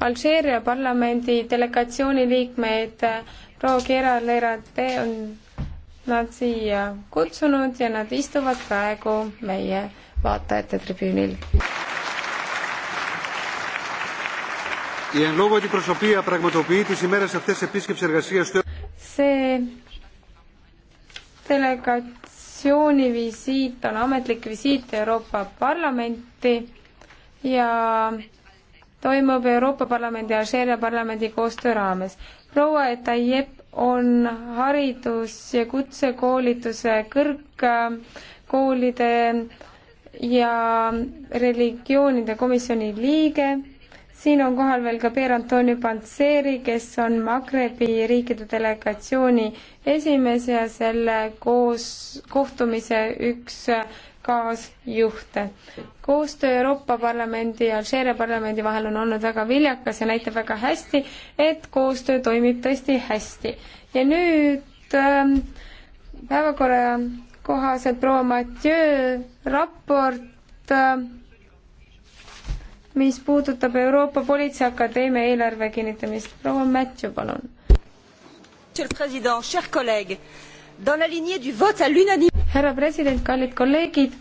Alžeeria parlamendi delegatsiooni liikmeid proua Gerard-Lerate on nad siia kutsunud ja nad istuvad praegu meie vaatajate tribüünil. see delegatsiooni visiit on ametlik visiit Euroopa Parlamenti ja toimub Euroopa Parlamendi ja Alžeeria parlamendi koostöö raames. proua Etajep on haridus- ja kutsekoolituse kõrgkoolide ja religioonide komisjoni liige siin on kohal veel ka Pier Antoni Pantseri, kes on Magrebi riikide delegatsiooni esimees ja selle koos, kohtumise üks kaasjuhte. koostöö Euroopa Parlamendi ja Alžeeria parlamendi vahel on olnud väga viljakas ja näitab väga hästi, et koostöö toimib tõesti hästi. ja nüüd ähm, päevakorra kohaselt proua Mathieu raport ähm, mis puudutab Euroopa Politseiakadeemia eelarve kinnitamist. proua Mätsu, palun. härra president, kallid kolleegid.